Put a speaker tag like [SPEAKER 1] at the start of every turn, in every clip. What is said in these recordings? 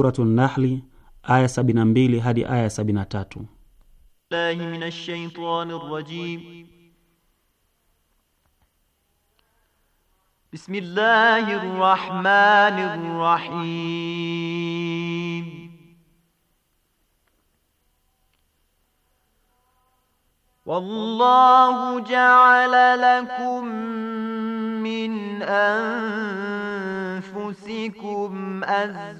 [SPEAKER 1] Suratu Nahli aya mbili hadi aya 73.
[SPEAKER 2] Billahi minash shaitanir rajim. Bismillahir rahmanir rahim. والله جعل لكم من أنفسكم أزواجا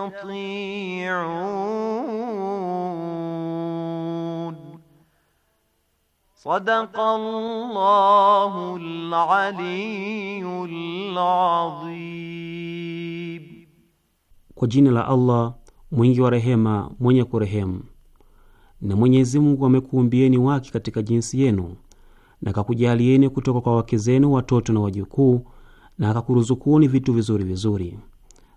[SPEAKER 3] tastati'un.
[SPEAKER 2] Sadaqallahul aliyyul
[SPEAKER 1] adhim. Kwa jina la Allah mwingi wa rehema, mwenye kurehemu. Na Mwenyezi Mungu amekuumbieni wake katika jinsi yenu na akakujalieni kutoka kwa wake zenu watoto na wajukuu na akakuruzukuni vitu vizuri vizuri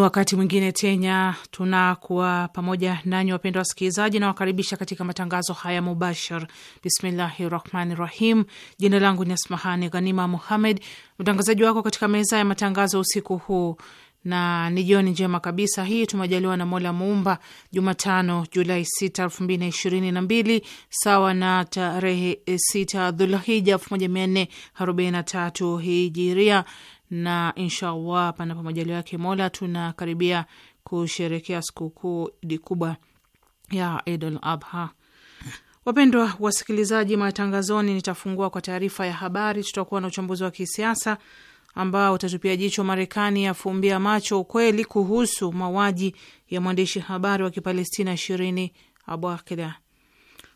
[SPEAKER 4] wakati mwingine tena tunakuwa pamoja nanyi wapendwa wasikilizaji, na wakaribisha katika matangazo haya mubashar. Bismillahi rahmani rahim. Jina langu ni Asmahani Ghanima Muhammed, mtangazaji wako katika meza ya matangazo usiku huu, na ni jioni njema kabisa hii, tumejaliwa na Mola Muumba, Jumatano Julai 6, 2022 sawa na tarehe 6 Dhulhija 1443 hijiria na inshallah, panapo majaliwa yake Mola, tunakaribia kusherekea sikukuu idi kubwa ya Idul Adha. Wapendwa wasikilizaji, matangazoni nitafungua kwa taarifa ya habari. Tutakuwa na uchambuzi wa kisiasa ambao utatupia jicho Marekani yafumbia macho ukweli kuhusu mauaji ya mwandishi habari wa Kipalestina Shirini Abu Akla.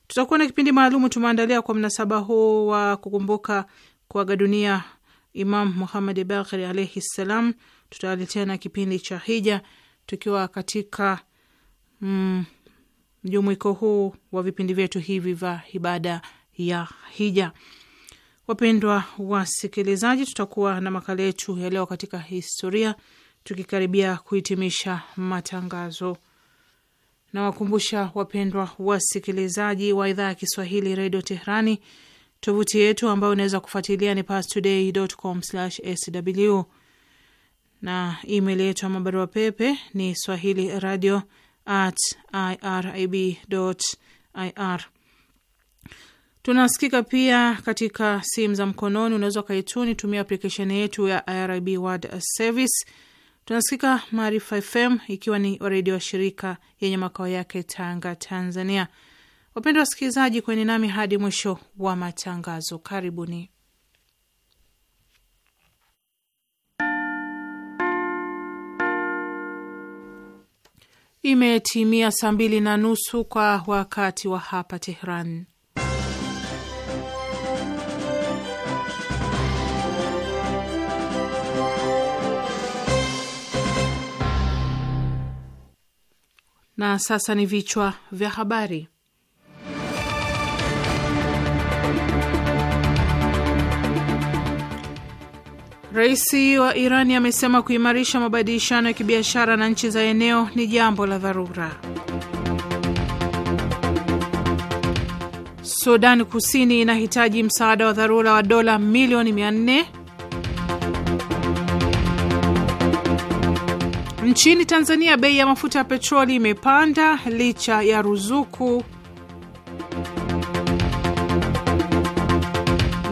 [SPEAKER 4] Tutakuwa na kipindi maalumu tumeandalia kwa mnasaba huu wa kukumbuka kuaga dunia Imam Muhammad Bakri alaihi ssalam. Tutawaletea na kipindi cha hija tukiwa katika mm, mjumuiko mm, huu wa vipindi vyetu hivi vya ibada ya hija. Wapendwa wasikilizaji, tutakuwa na makala yetu ya leo katika historia, tukikaribia kuhitimisha matangazo. Nawakumbusha wapendwa wasikilizaji wa idhaa ya Kiswahili redio Teherani Tovuti yetu ambayo unaweza kufuatilia ni pastoday.com/sw na email yetu ama barua pepe ni swahili radio at irib.ir. Tunasikika pia katika simu za mkononi, unaweza ukaituni tumia aplikesheni yetu ya IRIB World Service. Tunasikika Maarifa FM ikiwa ni redio wa shirika yenye makao yake Tanga, Tanzania. Wapendwa wasikilizaji, kweni nami hadi mwisho wa matangazo. Karibuni. Imetimia saa mbili na nusu kwa wakati wa hapa Tehran. Na sasa ni vichwa vya habari. Rais wa Irani amesema kuimarisha mabadilishano ya kibiashara na nchi za eneo ni jambo la dharura. Sudan Kusini inahitaji msaada wa dharura wa dola milioni 400. Nchini Tanzania bei ya mafuta ya petroli imepanda licha ya ruzuku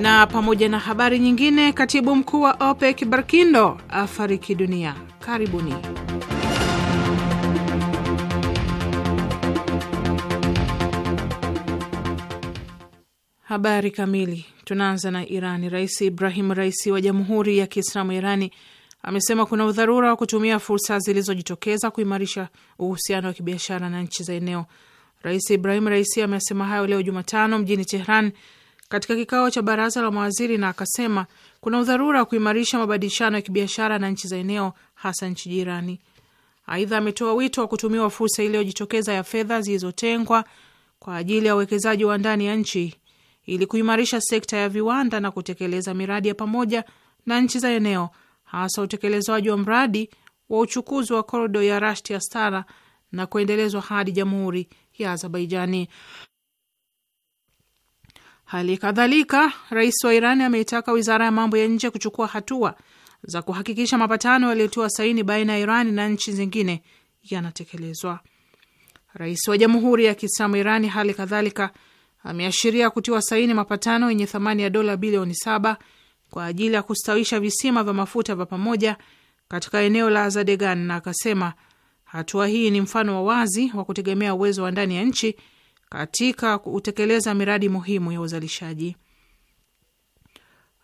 [SPEAKER 4] Na pamoja na habari nyingine, katibu mkuu wa OPEC Barkindo afariki dunia. Karibuni. Habari kamili. Tunaanza na Irani. Rais Ibrahim Raisi wa Jamhuri ya Kiislamu Irani amesema kuna udharura wa kutumia fursa zilizojitokeza kuimarisha uhusiano wa kibiashara na nchi za eneo. Rais Ibrahim Raisi amesema hayo leo Jumatano mjini Tehran katika kikao cha baraza la mawaziri na akasema kuna udharura wa kuimarisha mabadilishano ya kibiashara na nchi za eneo, hasa nchi jirani. Aidha, ametoa wito wa kutumiwa fursa iliyojitokeza ya fedha zilizotengwa kwa ajili ya uwekezaji wa ndani ya nchi ili kuimarisha sekta ya viwanda na kutekeleza miradi ya pamoja na nchi za eneo, hasa utekelezaji wa mradi wa uchukuzi wa korido ya ya Astara na kuendelezwa hadi Jamhuri ya Azerbaijani. Hali kadhalika rais wa iran ameitaka wizara ya mambo ya nje kuchukua hatua za kuhakikisha mapatano yaliyotiwa saini baina ya iran na nchi zingine yanatekelezwa. Rais wa Jamhuri ya Kiislamu Irani hali kadhalika ameashiria kutiwa saini mapatano yenye thamani ya dola bilioni saba kwa ajili ya kustawisha visima vya mafuta vya pamoja katika eneo la Azadegan, na akasema hatua hii ni mfano wa wazi wa kutegemea uwezo wa ndani ya nchi katika kutekeleza miradi muhimu ya uzalishaji.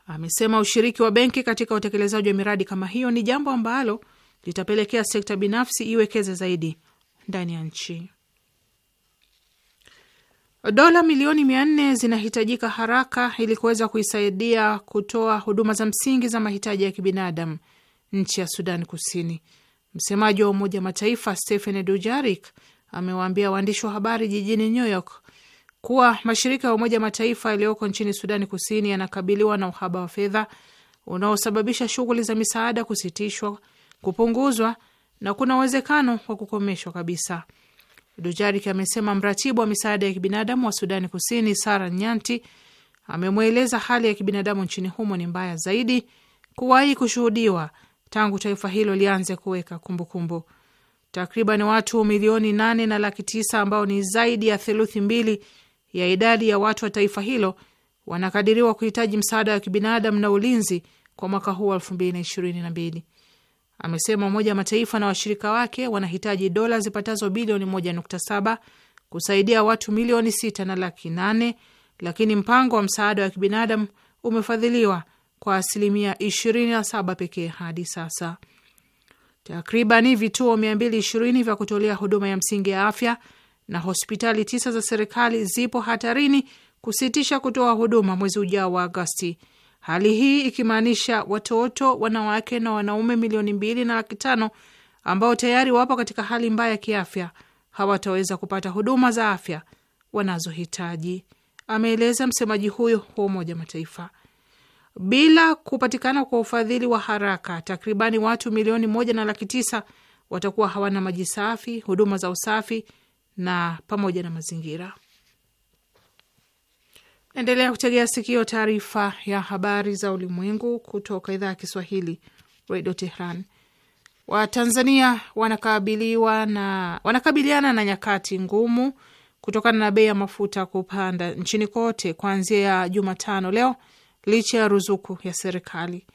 [SPEAKER 4] Amesema ushiriki wa benki katika utekelezaji wa miradi kama hiyo ni jambo ambalo litapelekea sekta binafsi iwekeze zaidi ndani ya nchi. Dola milioni mia nne zinahitajika haraka ili kuweza kuisaidia kutoa huduma za msingi za mahitaji ya kibinadamu nchi ya Sudan Kusini. Msemaji wa Umoja Mataifa Stephen Dujarik amewaambia waandishi wa habari jijini New York kuwa mashirika ya Umoja Mataifa yaliyoko nchini Sudani Kusini yanakabiliwa na uhaba wa fedha unaosababisha shughuli za misaada kusitishwa, kupunguzwa na kuna uwezekano wa kukomeshwa kabisa. Dujarik amesema mratibu wa misaada ya kibinadamu wa Sudani Kusini Sara Nyanti amemweleza hali ya kibinadamu nchini humo ni mbaya zaidi kuwahi kushuhudiwa tangu taifa hilo lianze kuweka kumbukumbu takriban watu milioni nane na laki tisa ambao ni zaidi ya theluthi mbili ya idadi ya watu wa taifa hilo wanakadiriwa kuhitaji msaada wa kibinadamu na ulinzi kwa mwaka huu wa elfu mbili na ishirini na mbili. Amesema Umoja wa Mataifa na washirika wake wanahitaji dola zipatazo bilioni moja nukta saba kusaidia watu milioni sita na laki nane, lakini mpango wa msaada wa kibinadamu umefadhiliwa kwa asilimia 27 pekee hadi sasa. Takribani vituo 220 vya kutolea huduma ya msingi ya afya na hospitali tisa za serikali zipo hatarini kusitisha kutoa huduma mwezi ujao wa Agosti. Hali hii ikimaanisha watoto, wanawake na wanaume milioni mbili na laki tano ambao tayari wapo katika hali mbaya ya kiafya hawataweza kupata huduma za afya wanazohitaji, ameeleza msemaji huyo wa Umoja Mataifa. Bila kupatikana kwa ufadhili wa haraka, takribani watu milioni moja na laki tisa watakuwa hawana maji safi, huduma za usafi na pamoja na mazingira. Naendelea kutegea sikio taarifa ya habari za ulimwengu kutoka idhaa ya Kiswahili redio Tehran. Watanzania wanakabiliwa na wanakabiliana na nyakati ngumu kutokana na bei ya mafuta kupanda nchini kote kuanzia Jumatano leo licha ya ruzuku ya serikali.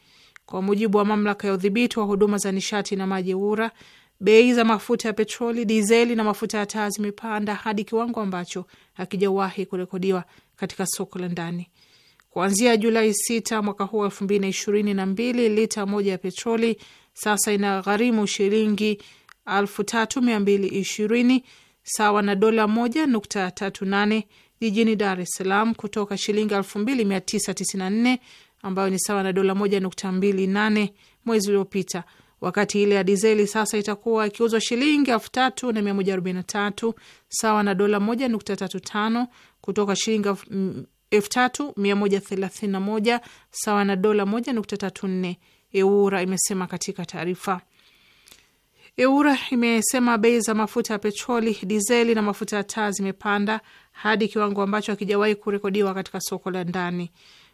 [SPEAKER 4] Kwa mujibu wa mamlaka ya udhibiti wa huduma za nishati na maji URA, bei za mafuta ya petroli, dizeli na mafuta ya taa zimepanda hadi kiwango ambacho hakijawahi kurekodiwa katika soko la ndani. Kuanzia Julai 6 mwaka huu elfu mbili na ishirini na mbili, lita moja ya petroli sasa inagharimu shilingi elfu tatu mia mbili ishirini sawa na dola moja nukta tatu nane jijini Dar es Salaam kutoka shilingi 2994 ambayo ni sawa na dola 1.28 mwezi uliopita, wakati ile ya dizeli sasa itakuwa ikiuzwa shilingi 3143 sawa na dola 1.35 kutoka shilingi 3131 mm, sawa na dola 1.34, EURA imesema katika taarifa. EURA imesema bei za mafuta ya petroli, dizeli na mafuta ya taa zimepanda hadi kiwango ambacho hakijawahi kurekodiwa katika soko la ndani.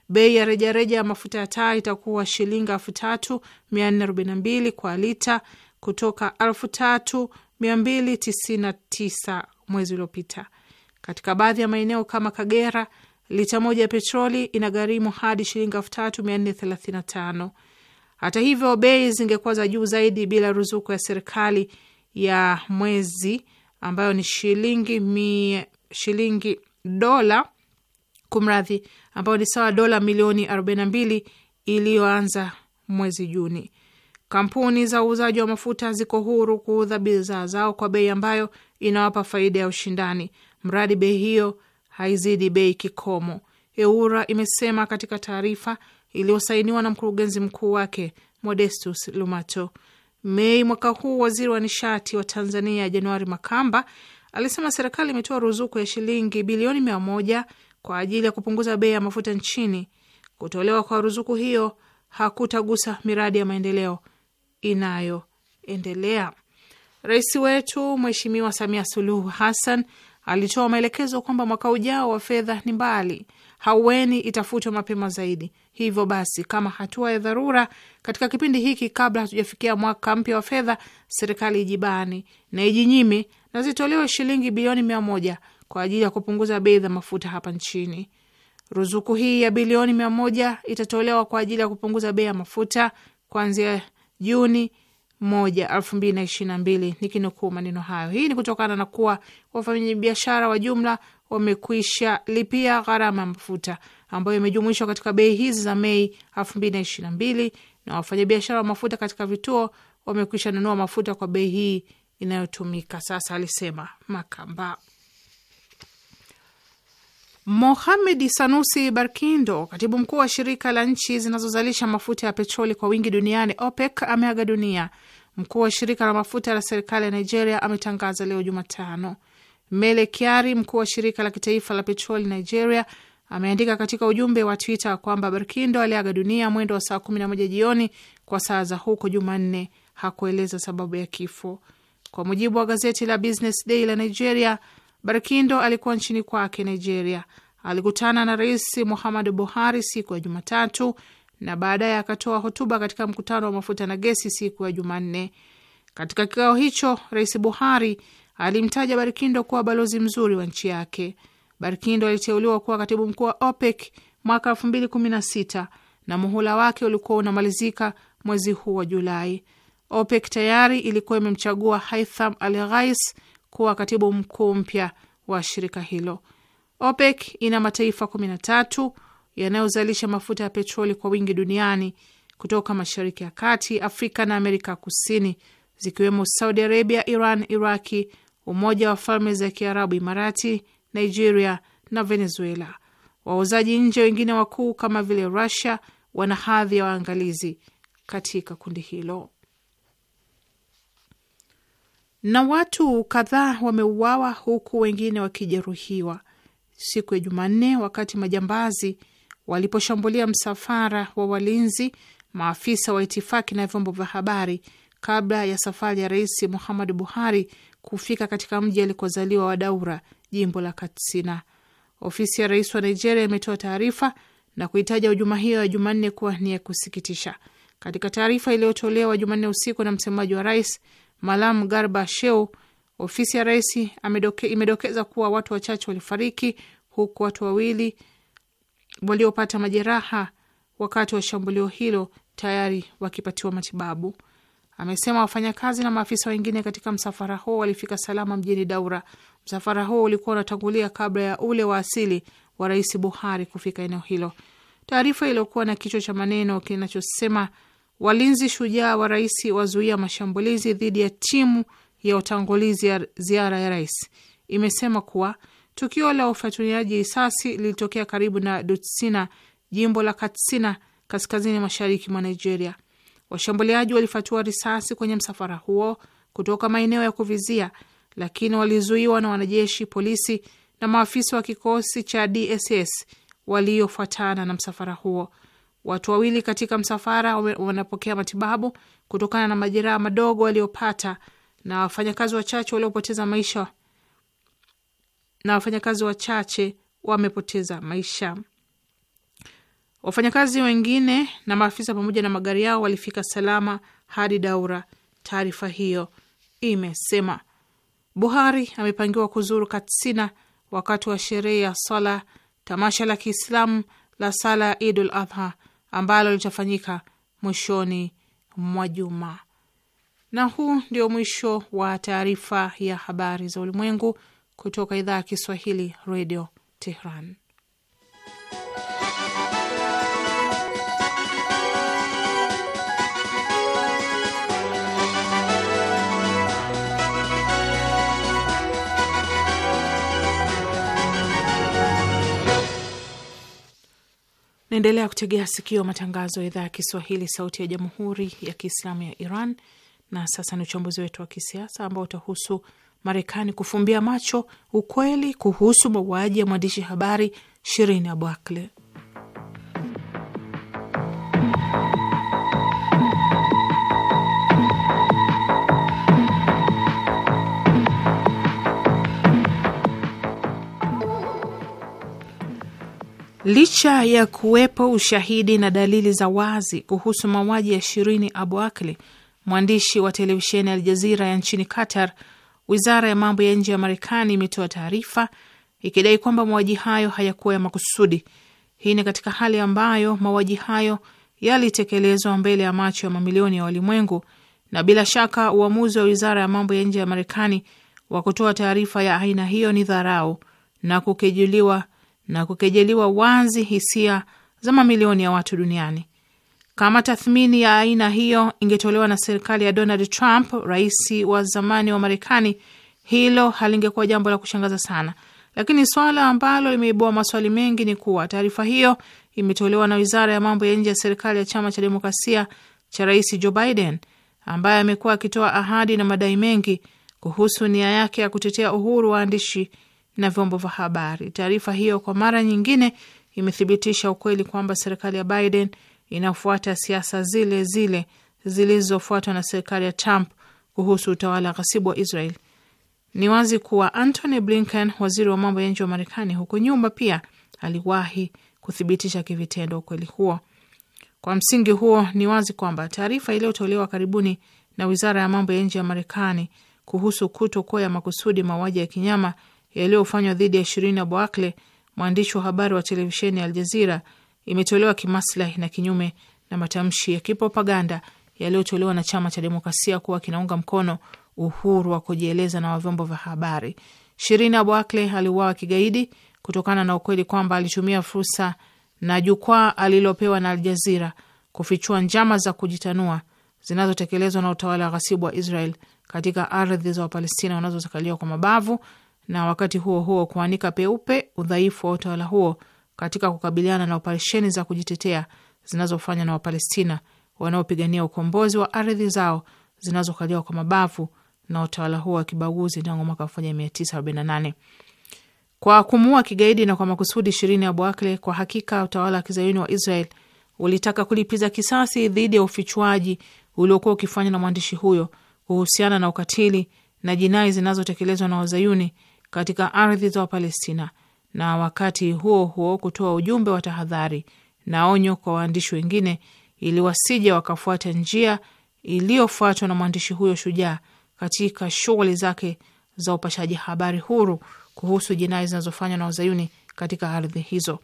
[SPEAKER 4] Bei ya rejareja ya mafuta ya taa itakuwa shilingi elfu tatu mia nne arobaini na mbili kwa lita kutoka elfu tatu mia mbili tisini na tisa mwezi uliopita. Katika baadhi ya maeneo kama Kagera, lita moja ya petroli inagharimu hadi shilingi elfu tatu mia nne thelathini na tano. Hata hivyo, bei zingekuwa za juu zaidi bila ruzuku ya serikali ya mwezi ambayo ni shilingi mi, shilingi dola kumradhi, ambayo ni sawa dola milioni 42 iliyoanza mwezi Juni. Kampuni za uuzaji wa mafuta ziko huru kuuza bidhaa zao kwa bei ambayo inawapa faida ya ushindani, mradi bei hiyo haizidi bei kikomo. EURA imesema katika taarifa iliyosainiwa na mkurugenzi mkuu wake Modestus Lumato. Mei mwaka huu, waziri wa nishati wa Tanzania Januari Makamba alisema serikali imetoa ruzuku ya shilingi bilioni mia moja kwa ajili ya kupunguza bei ya mafuta nchini. Kutolewa kwa ruzuku hiyo hakutagusa miradi ya maendeleo inayoendelea. Rais wetu Mheshimiwa Samia Suluhu Hassan alitoa maelekezo kwamba mwaka ujao wa fedha ni mbali haueni itafutwa mapema zaidi. Hivyo basi, kama hatua ya dharura katika kipindi hiki, kabla hatujafikia mwaka mpya wa fedha, serikali ijibani na ijinyime na zitolewe shilingi bilioni mia moja kwa ajili ya kupunguza bei za mafuta hapa nchini. Ruzuku hii ya bilioni mia moja itatolewa kwa ajili ya kupunguza bei ya mafuta kuanzia Juni moja elfu mbili na ishirini na mbili nikinukuu maneno hayo. Hii ni kutokana na kuwa wafanyabiashara wa jumla wamekwisha lipia gharama ya mafuta ambayo imejumuishwa katika bei hizi za Mei 2022 na wafanyabiashara wa mafuta katika vituo wamekwisha nunua mafuta kwa bei hii inayotumika sasa, alisema Makamba. Mohamed Sanusi Barkindo, katibu mkuu wa shirika la nchi zinazozalisha mafuta ya petroli kwa wingi duniani OPEC, ameaga dunia. Mkuu wa shirika la mafuta la serikali ya Nigeria ametangaza leo Jumatano Mele Kiari, mkuu wa shirika la kitaifa la petroli Nigeria, ameandika katika ujumbe wa Twitter kwamba Berkindo aliaga dunia mwendo wa saa 11 jioni kwa saa za huko Jumanne. Hakueleza sababu ya kifo. Kwa mujibu wa gazeti la Business Day la Nigeria, barkindo alikuwa nchini kwake Nigeria, alikutana na Rais Muhammadu Buhari siku ya Jumatatu na baadaye akatoa hotuba katika mkutano wa mafuta na gesi siku ya Jumanne. Katika kikao hicho, Rais Buhari alimtaja Barkindo kuwa balozi mzuri wa nchi yake. Barkindo aliteuliwa kuwa katibu mkuu wa OPEC mwaka kumi na muhula wake ulikuwa unamalizika mwezi huu wa Julai. OPEC tayari ilikuwa imemchagua Haitham Al Ghais kuwa katibu mkuu mpya wa shirika hilo. OPEC ina mataifa tatu yanayozalisha mafuta ya petroli kwa wingi duniani kutoka Mashariki ya Kati, Afrika na Amerika Kusini, zikiwemo Saudi Arabia, Iran, Iraki, Umoja wa Falme za Kiarabu Imarati, Nigeria na Venezuela. Wauzaji nje wengine wakuu kama vile Rusia wana hadhi ya waangalizi katika kundi hilo. Na watu kadhaa wameuawa huku wengine wakijeruhiwa siku ya Jumanne wakati majambazi waliposhambulia msafara wa walinzi, maafisa wa itifaki na vyombo vya habari kabla ya safari ya Rais Muhammadu Buhari kufika katika mji alikozaliwa wa Daura, jimbo la Katsina. Ofisi ya rais wa Nigeria imetoa taarifa na kuitaja hujuma hiyo ya Jumanne kuwa ni ya kusikitisha. Katika taarifa iliyotolewa Jumanne usiku na msemaji wa rais Malam Garba Sheu, ofisi ya rais imedokeza kuwa watu wachache walifariki huku watu wawili waliopata majeraha wakati wa shambulio hilo tayari wakipatiwa matibabu amesema wafanyakazi na maafisa wengine katika msafara huo walifika salama mjini Daura. Msafara huo ulikuwa unatangulia kabla ya ule wa asili wa Rais Buhari kufika eneo hilo. Taarifa iliyokuwa na kichwa cha maneno kinachosema walinzi shujaa wa rais wazuia mashambulizi dhidi ya timu ya utangulizi ya ziara ya rais imesema kuwa tukio la ufyatuliaji risasi lilitokea karibu na Dutsina, jimbo la Katsina, kaskazini mashariki mwa Nigeria. Washambuliaji walifatua risasi kwenye msafara huo kutoka maeneo ya kuvizia, lakini walizuiwa na wanajeshi, polisi na maafisa wa kikosi cha DSS waliofuatana na msafara huo. Watu wawili katika msafara wanapokea matibabu kutokana na majeraha madogo waliopata na wafanyakazi wachache waliopoteza maisha na wafanyakazi wachache wamepoteza maisha. Wafanyakazi wengine na maafisa pamoja na magari yao walifika salama hadi Daura, taarifa hiyo imesema. Buhari amepangiwa kuzuru Katsina wakati wa sherehe ya sala tamasha la Kiislamu la sala ya Idul Adha ambalo litafanyika mwishoni mwa juma. Na huu ndio mwisho wa taarifa ya habari za ulimwengu kutoka idhaa ya Kiswahili, Radio Tehran. Naendelea kutegea sikio matangazo ya idhaa ya Kiswahili, sauti ya jamhuri ya kiislamu ya Iran. Na sasa ni uchambuzi wetu wa kisiasa ambao utahusu Marekani kufumbia macho ukweli kuhusu mauaji ya mwandishi habari Shirin Abu Akleh. Licha ya kuwepo ushahidi na dalili za wazi kuhusu mauaji ya Shirini Abu Akli, mwandishi wa televisheni Aljazira ya nchini Qatar, wizara ya mambo ya nje ya Marekani imetoa taarifa ikidai kwamba mauaji hayo hayakuwa ya makusudi. Hii ni katika hali ambayo mauaji hayo yalitekelezwa mbele ya macho ya mamilioni ya walimwengu, na bila shaka uamuzi wa wizara ya mambo ya nje ya Marekani wa kutoa taarifa ya aina hiyo ni dharau na kukejuliwa na kukejeliwa wazi hisia za mamilioni ya watu duniani. Kama tathmini ya aina hiyo ingetolewa na serikali ya Donald Trump, rais wa zamani wa Marekani, hilo halingekuwa jambo la kushangaza sana, lakini swala ambalo limeibua maswali mengi ni kuwa taarifa hiyo imetolewa na wizara ya mambo ya nje ya serikali ya chama cha demokrasia cha rais Joe Biden, ambaye amekuwa akitoa ahadi na madai mengi kuhusu nia yake ya kutetea uhuru waandishi na vyombo vya habari. Taarifa hiyo kwa mara nyingine imethibitisha ukweli kwamba serikali ya Biden inafuata siasa zile zile zilizofuatwa na serikali ya Trump kuhusu utawala ghasibu wa Israel. Ni wazi kuwa Antony Blinken, waziri wa mambo ya nje wa Marekani, huko nyuma pia aliwahi kuthibitisha kivitendo ukweli huo. Kwa msingi huo, ni wazi kwamba taarifa iliyotolewa karibuni na wizara ya mambo ya nje ya Marekani kuhusu kutokuwa ya makusudi mauaji ya kinyama yaliyofanywa dhidi ya Shirini Abu Akle, mwandishi wa habari wa televisheni ya Aljazira, imetolewa kimaslahi na kinyume na matamshi ya kipropaganda yaliyotolewa na chama cha demokrasia kuwa kinaunga mkono uhuru wa kujieleza na wa vyombo vya habari. Shirini Abu Akle aliuawa kigaidi kutokana na ukweli kwamba alitumia fursa na jukwaa alilopewa na Aljazira kufichua njama za kujitanua zinazotekelezwa na utawala wa ghasibu wa Israel katika ardhi za Wapalestina wanazozikaliwa kwa mabavu na wakati huo huo kuanika peupe udhaifu wa utawala huo katika kukabiliana na operesheni za kujitetea zinazofanywa na Wapalestina wanaopigania ukombozi wa ardhi zao zinazokaliwa kwa mabavu na utawala huo wa kibaguzi tangu mwaka 1948 kwa kumuua kigaidi na kwa makusudi ishirini ya Bwakle. Kwa hakika utawala wa kizayuni wa Israel ulitaka kulipiza kisasi dhidi ya ufichuaji uliokuwa ukifanywa na mwandishi huyo kuhusiana na ukatili na jinai zinazotekelezwa na wazayuni katika ardhi za Wapalestina na wakati huo huo kutoa ujumbe wa tahadhari na onyo kwa waandishi wengine ili wasije wakafuata njia iliyofuatwa na mwandishi huyo shujaa katika shughuli zake za upashaji habari huru kuhusu jinai zinazofanywa na wazayuni katika ardhi hizo.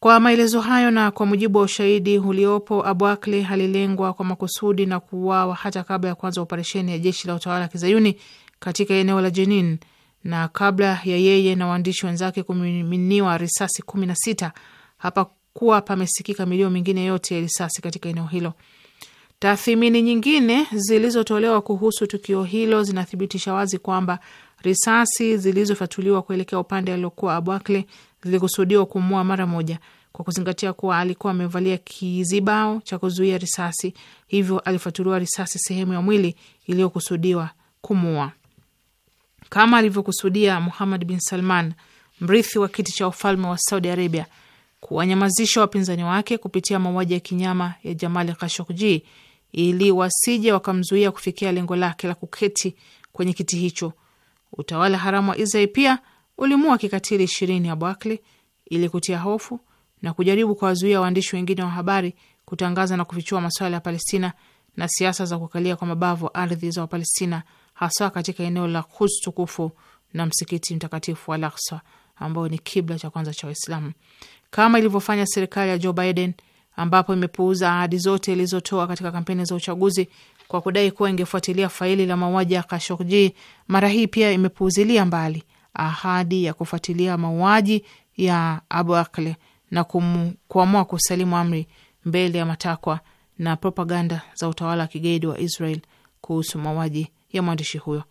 [SPEAKER 4] Kwa maelezo hayo na kwa mujibu wa ushahidi uliopo, Abu Akli alilengwa kwa makusudi na kuuawa hata kabla ya kuanza operesheni ya jeshi la utawala wa kizayuni katika eneo la Jenin na kabla ya yeye na waandishi wenzake kumiminiwa risasi kumi na sita hapakuwa pamesikika milio mingine yote ya risasi katika eneo hilo. Tathmini nyingine zilizotolewa kuhusu tukio hilo zinathibitisha wazi kwamba risasi zilizofyatuliwa kuelekea upande aliokuwa Abwakle zilikusudiwa kumua mara moja, kwa kuzingatia kuwa alikuwa amevalia kizibao cha kuzuia risasi, hivyo alifyatuliwa risasi sehemu ya mwili iliyokusudiwa kumua kama alivyokusudia Muhammad bin Salman, mrithi wa kiti cha ufalme wa Saudi Arabia, kuwanyamazisha wapinzani wake kupitia mauaji ya kinyama ya Jamal Khashoggi ili wasije wakamzuia kufikia lengo lake la kuketi kwenye kiti hicho. Utawala haramu wa Israel pia ulimua kikatili ishirini ya Bwakli ili kutia hofu na kujaribu kuwazuia waandishi wengine wa habari kutangaza na kufichua masuala ya Palestina na siasa za kukalia kwa mabavu ardhi za Wapalestina hasa katika eneo la Quds tukufu na msikiti mtakatifu wa Al-Aqsa ambao ni kibla cha kwanza cha Waislamu, kama ilivyofanya serikali ya Joe Biden ambapo imepuuza ahadi zote ilizotoa katika kampeni za uchaguzi kwa kudai kuwa ingefuatilia faili la mauaji ya Kashogji. Mara hii pia imepuuzilia mbali ahadi ya kufuatilia mauaji ya Abu Akle na kuamua kusalimu amri mbele ya matakwa na propaganda za utawala wa kigaidi wa Israel kuhusu mauaji ya mwandishi huyo.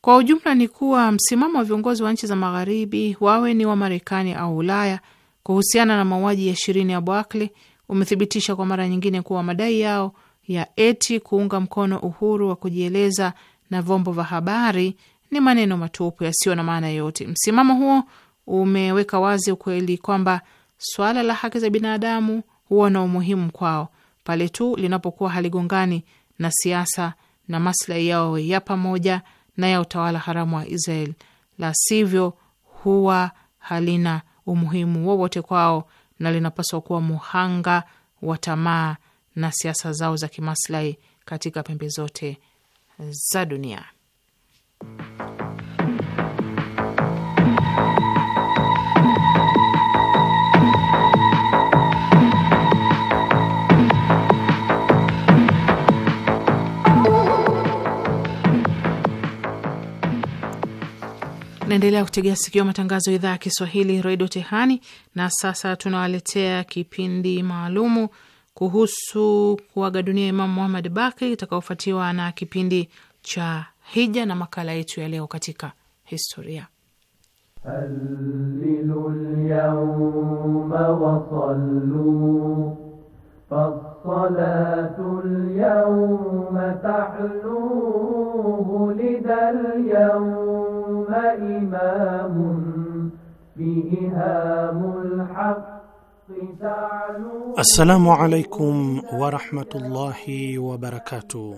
[SPEAKER 4] Kwa ujumla ni kuwa msimamo wa viongozi wa nchi za Magharibi, wawe ni wa Marekani au Ulaya, kuhusiana na mauaji ya Shirini ya Bakli umethibitisha kwa mara nyingine kuwa madai yao ya eti kuunga mkono uhuru wa kujieleza na vyombo vya habari ni maneno matupu yasiyo na maana yoyote. Msimamo huo umeweka wazi ukweli kwamba swala la haki za binadamu huwa na umuhimu kwao pale tu linapokuwa haligongani na siasa na maslahi yao ya pamoja na ya utawala haramu wa Israel, la sivyo huwa halina umuhimu wowote kwao na linapaswa kuwa muhanga wa tamaa na siasa zao za kimaslahi katika pembe zote za dunia. Naendelea kutegea sikio matangazo ya idhaa ya Kiswahili redio Tehani. Na sasa tunawaletea kipindi maalumu kuhusu kuaga dunia Imamu Muhammad Baki itakaofuatiwa na kipindi cha hija na makala yetu ya leo katika historia.
[SPEAKER 2] Sallu wa فالصلاة اليوم تعلوه لدى اليوم إمام بإهام الحق
[SPEAKER 1] السلام علaikum warahmatullahi wabarakatuh.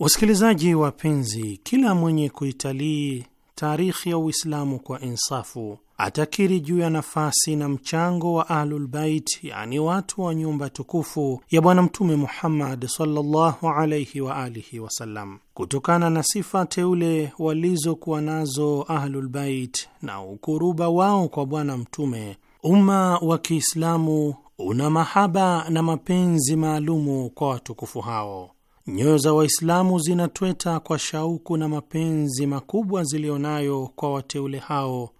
[SPEAKER 1] Wasikilizaji wapenzi, kila mwenye kuitalii taarikhi ya Uislamu kwa insafu atakiri juu ya nafasi na mchango wa Ahlulbait, yani watu wa nyumba tukufu ya Bwana Mtume Muhammad sallallahu alaihi wa alihi wasallam, kutokana na sifa teule walizokuwa nazo Ahlulbait na ukuruba wao kwa Bwana Mtume. Umma wa Kiislamu una mahaba na mapenzi maalumu kwa watukufu hao. Nyoyo za Waislamu zinatweta kwa shauku na mapenzi makubwa nayo kwa wateule hao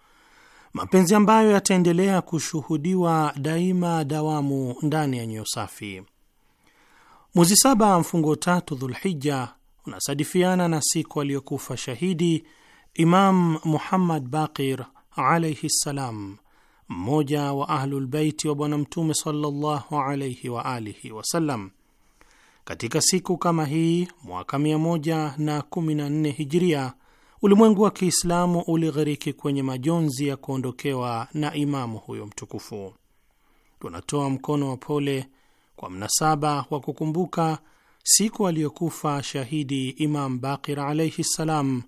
[SPEAKER 1] mapenzi ambayo yataendelea kushuhudiwa daima dawamu ndani ya nyoyo safi. Mwezi saba mfungo tatu Dhulhija unasadifiana na siku aliyokufa shahidi Imam Muhammad Baqir alaihi ssalam, mmoja wa Ahlulbeiti wa Bwana Mtume sallallahu alaihi wa alihi wasallam. Katika siku kama hii mwaka 114 hijiria Ulimwengu wa Kiislamu ulighiriki kwenye majonzi ya kuondokewa na imamu huyo mtukufu. Tunatoa mkono wa pole kwa mnasaba wa kukumbuka siku aliyokufa shahidi Imam Bakir alaihi ssalam,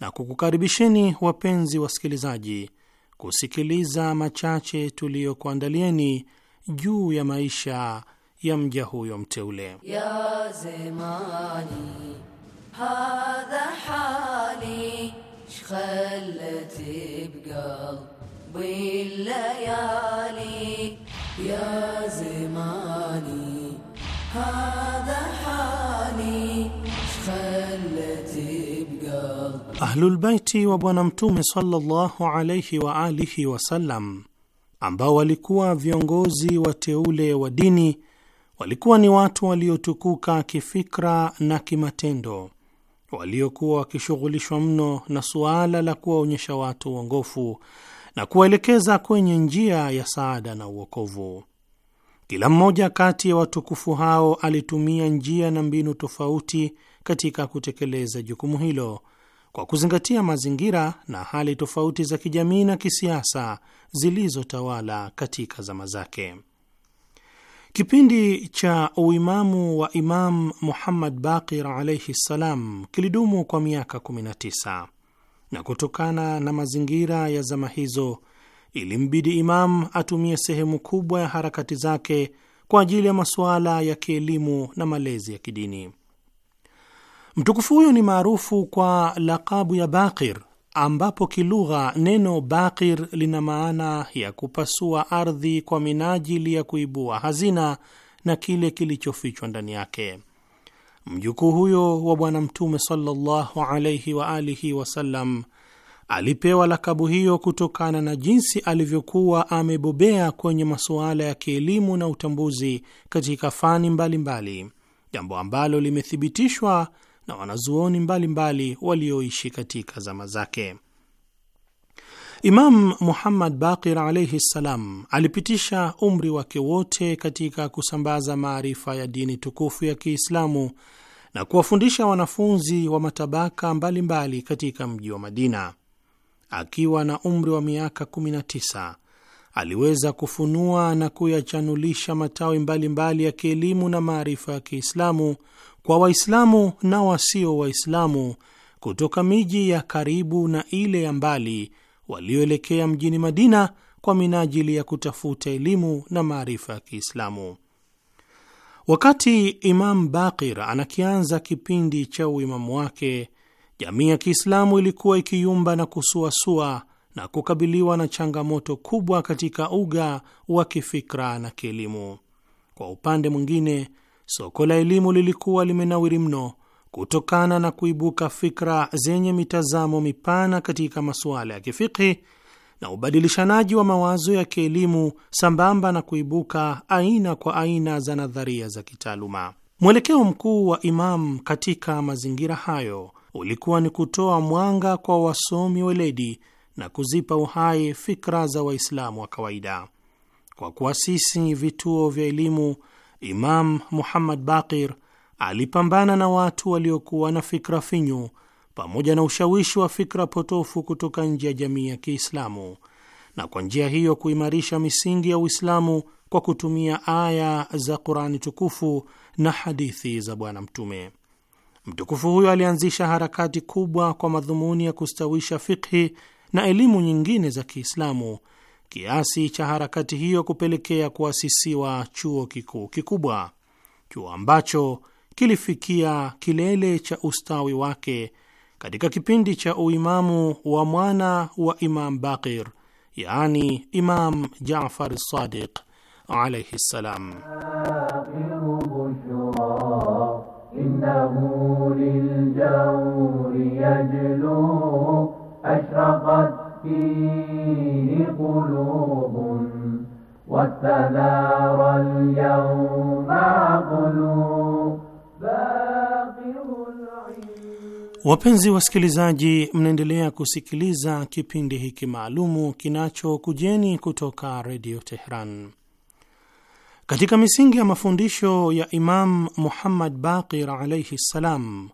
[SPEAKER 1] na kukukaribisheni wapenzi wasikilizaji kusikiliza machache tuliyokuandalieni juu ya maisha ya mja huyo mteule
[SPEAKER 3] ya Zemani. هذا حالي شخلت بقلبي الليالي يا زماني هذا حالي
[SPEAKER 1] شخلت بقلبي Ahlul Baiti wa Bwana Mtume sallallahu alayhi wa alihi wasallam ambao walikuwa viongozi wateule wa dini walikuwa ni watu waliotukuka kifikra na kimatendo waliokuwa wakishughulishwa mno na suala la kuwaonyesha watu uongofu na kuwaelekeza kwenye njia ya saada na uokovu. Kila mmoja kati ya watukufu hao alitumia njia na mbinu tofauti katika kutekeleza jukumu hilo kwa kuzingatia mazingira na hali tofauti za kijamii na kisiasa zilizotawala katika zama zake. Kipindi cha uimamu wa Imam Muhammad Baqir alaihi ssalam kilidumu kwa miaka 19 na kutokana na mazingira ya zama hizo ilimbidi Imam atumie sehemu kubwa ya harakati zake kwa ajili ya masuala ya kielimu na malezi ya kidini. Mtukufu huyo ni maarufu kwa lakabu ya Baqir ambapo kilugha neno bakir lina maana ya kupasua ardhi kwa minajili ya kuibua hazina na kile kilichofichwa ndani yake. Mjukuu huyo wa Bwana Mtume sallallahu wa alihi wasallam alipewa lakabu hiyo kutokana na jinsi alivyokuwa amebobea kwenye masuala ya kielimu na utambuzi katika fani mbalimbali, jambo ambalo limethibitishwa na wanazuoni mbalimbali walioishi katika zama zake. Imam Muhammad Baqir alaihi ssalam alipitisha umri wake wote katika kusambaza maarifa ya dini tukufu ya Kiislamu na kuwafundisha wanafunzi wa matabaka mbalimbali mbali katika mji wa Madina. Akiwa na umri wa miaka 19 aliweza kufunua na kuyachanulisha matawi mbalimbali mbali ya kielimu na maarifa ya Kiislamu kwa Waislamu na wasio Waislamu kutoka miji ya karibu na ile ya mbali walioelekea mjini Madina kwa minajili ya kutafuta elimu na maarifa ya Kiislamu. Wakati Imam Bakir anakianza kipindi cha uimamu wake, jamii ya Kiislamu ilikuwa ikiyumba na kusuasua na kukabiliwa na changamoto kubwa katika uga wa kifikra na kielimu. Kwa upande mwingine soko la elimu lilikuwa limenawiri mno kutokana na kuibuka fikra zenye mitazamo mipana katika masuala ya kifikhi na ubadilishanaji wa mawazo ya kielimu sambamba na kuibuka aina kwa aina za nadharia za kitaaluma. Mwelekeo mkuu wa Imam katika mazingira hayo ulikuwa ni kutoa mwanga kwa wasomi weledi na kuzipa uhai fikra za Waislamu wa kawaida kwa kuasisi vituo vya elimu Imam Muhammad Baqir alipambana na watu waliokuwa na fikra finyu pamoja na ushawishi wa fikra potofu kutoka nje ya jamii ya Kiislamu na kwa njia hiyo kuimarisha misingi ya Uislamu kwa kutumia aya za Qurani tukufu na hadithi za Bwana Mtume mtukufu. Huyo alianzisha harakati kubwa kwa madhumuni ya kustawisha fikhi na elimu nyingine za Kiislamu kiasi cha harakati hiyo kupelekea kuasisiwa chuo kikuu kikubwa, chuo ambacho kilifikia kilele cha ustawi wake katika kipindi cha uimamu wa mwana wa Imam Baqir, yaani Imam Jafar Sadiq alaihi ssalam.
[SPEAKER 3] فيه قلوب واستدار اليوم قلوب
[SPEAKER 1] Wapenzi wasikilizaji, mnaendelea kusikiliza kipindi hiki maalumu kinachokujeni kutoka Redio Tehran. Katika misingi ya mafundisho ya Imam Muhammad Baqir alaihi ssalam,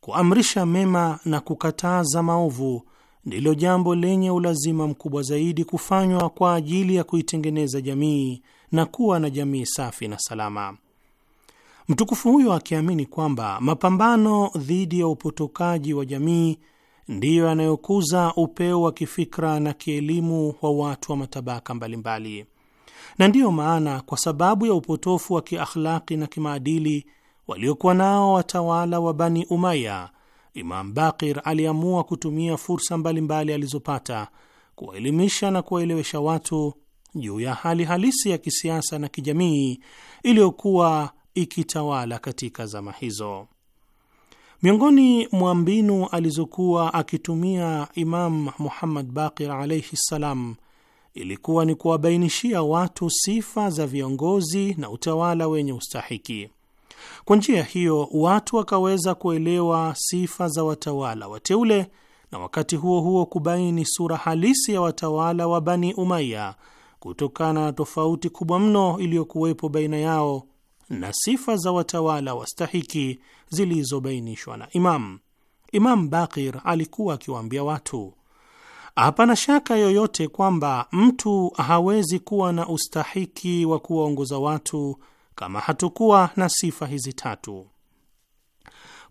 [SPEAKER 1] kuamrisha mema na kukataza maovu ndilo jambo lenye ulazima mkubwa zaidi kufanywa kwa ajili ya kuitengeneza jamii na kuwa na jamii safi na salama. Mtukufu huyo akiamini kwamba mapambano dhidi ya upotokaji wa jamii ndiyo yanayokuza upeo wa kifikra na kielimu wa watu wa matabaka mbalimbali, na ndiyo maana kwa sababu ya upotofu wa kiakhlaki na kimaadili waliokuwa nao watawala wa Bani Umaya Imam Bakir aliamua kutumia fursa mbalimbali alizopata kuwaelimisha na kuwaelewesha watu juu ya hali halisi ya kisiasa na kijamii iliyokuwa ikitawala katika zama hizo. Miongoni mwa mbinu alizokuwa akitumia Imam Muhammad Bakir alaihi ssalam ilikuwa ni kuwabainishia watu sifa za viongozi na utawala wenye ustahiki. Kwa njia hiyo watu wakaweza kuelewa sifa za watawala wateule na wakati huo huo kubaini sura halisi ya watawala wa Bani Umaya kutokana na tofauti kubwa mno iliyokuwepo baina yao na sifa za watawala wastahiki zilizobainishwa na Imam. Imam Bakir alikuwa akiwaambia watu, hapana shaka yoyote kwamba mtu hawezi kuwa na ustahiki wa kuwaongoza watu kama hatukuwa na sifa hizi tatu.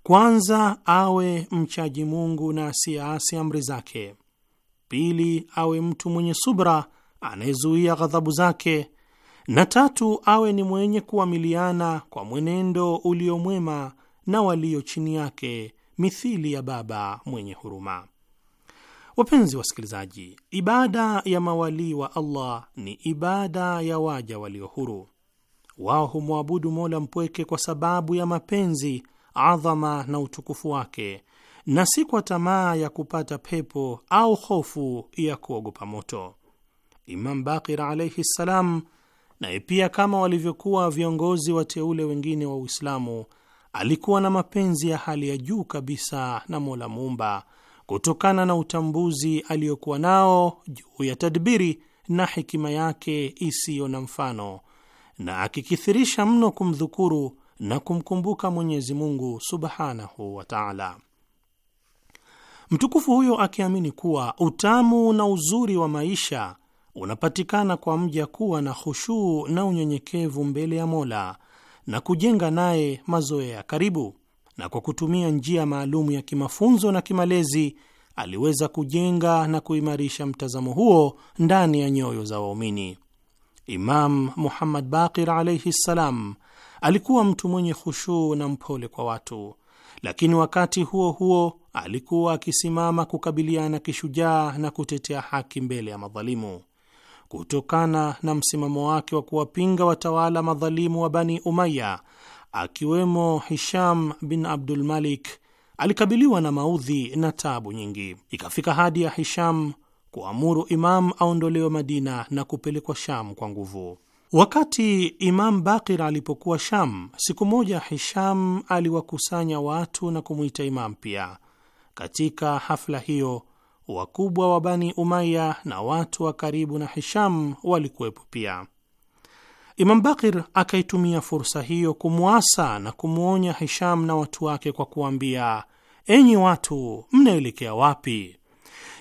[SPEAKER 1] Kwanza, awe mchaji Mungu na asiyeasi amri zake. Pili, awe mtu mwenye subra anayezuia ghadhabu zake, na tatu, awe ni mwenye kuamiliana kwa mwenendo uliomwema na walio chini yake mithili ya baba mwenye huruma. Wapenzi wasikilizaji, ibada ya mawalii wa Allah ni ibada ya waja walio huru wao humwabudu Mola mpweke kwa sababu ya mapenzi, adhama na utukufu wake, na si kwa tamaa ya kupata pepo au hofu ya kuogopa moto. Imam Bakir alaihi ssalam, naye pia kama walivyokuwa viongozi wateule wengine wa Uislamu, alikuwa na mapenzi ya hali ya juu kabisa na Mola Muumba kutokana na utambuzi aliyokuwa nao juu ya tadbiri na hikima yake isiyo na mfano na akikithirisha mno kumdhukuru na kumkumbuka Mwenyezi Mungu subhanahu wa taala. Mtukufu huyo akiamini kuwa utamu na uzuri wa maisha unapatikana kwa mja kuwa na hushuu na unyenyekevu mbele ya Mola na kujenga naye mazoea ya karibu, na kwa kutumia njia maalum ya kimafunzo na kimalezi aliweza kujenga na kuimarisha mtazamo huo ndani ya nyoyo za waumini. Imam Muhammad Baqir alaihi ssalam alikuwa mtu mwenye khushuu na mpole kwa watu, lakini wakati huo huo alikuwa akisimama kukabiliana kishujaa na kutetea haki mbele ya madhalimu. Kutokana na msimamo wake wa kuwapinga watawala madhalimu wa Bani Umaya akiwemo Hisham bin Abdul Malik, alikabiliwa na maudhi na tabu nyingi. Ikafika hadi ya Hisham kuamuru Imam aondolewe Madina na kupelekwa Sham kwa nguvu. Wakati Imam Bakir alipokuwa Sham, siku moja Hisham aliwakusanya watu na kumwita Imam pia. Katika hafla hiyo, wakubwa wa Bani Umaya na watu wa karibu na Hisham walikuwepo pia. Imam Bakir akaitumia fursa hiyo kumwasa na kumwonya Hisham na watu wake kwa kuambia, enyi watu, mnaelekea wapi?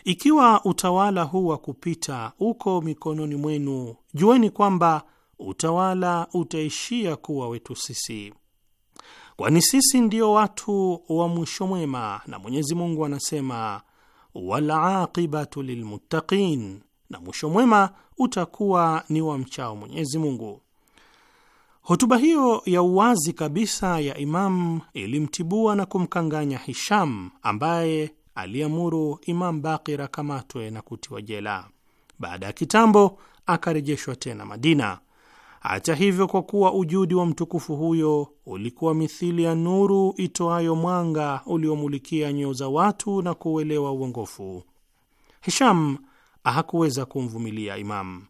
[SPEAKER 1] Ikiwa utawala huu wa kupita uko mikononi mwenu, jueni kwamba utawala utaishia kuwa wetu sisi, kwani sisi ndio watu wa mwisho mwema. Na Mwenyezi Mungu anasema walaqibatu lilmuttaqin, na mwisho mwema utakuwa ni wa mchao Mwenyezi Mungu. Hotuba hiyo ya uwazi kabisa ya Imamu ilimtibua na kumkanganya Hisham ambaye aliamuru Imam Bakir akamatwe na kutiwa jela. Baada ya kitambo akarejeshwa tena Madina. Hata hivyo, kwa kuwa ujudi wa mtukufu huyo ulikuwa mithili ya nuru itoayo mwanga uliomulikia nyoo za watu na kuuelewa uongofu, Hisham hakuweza kumvumilia Imam,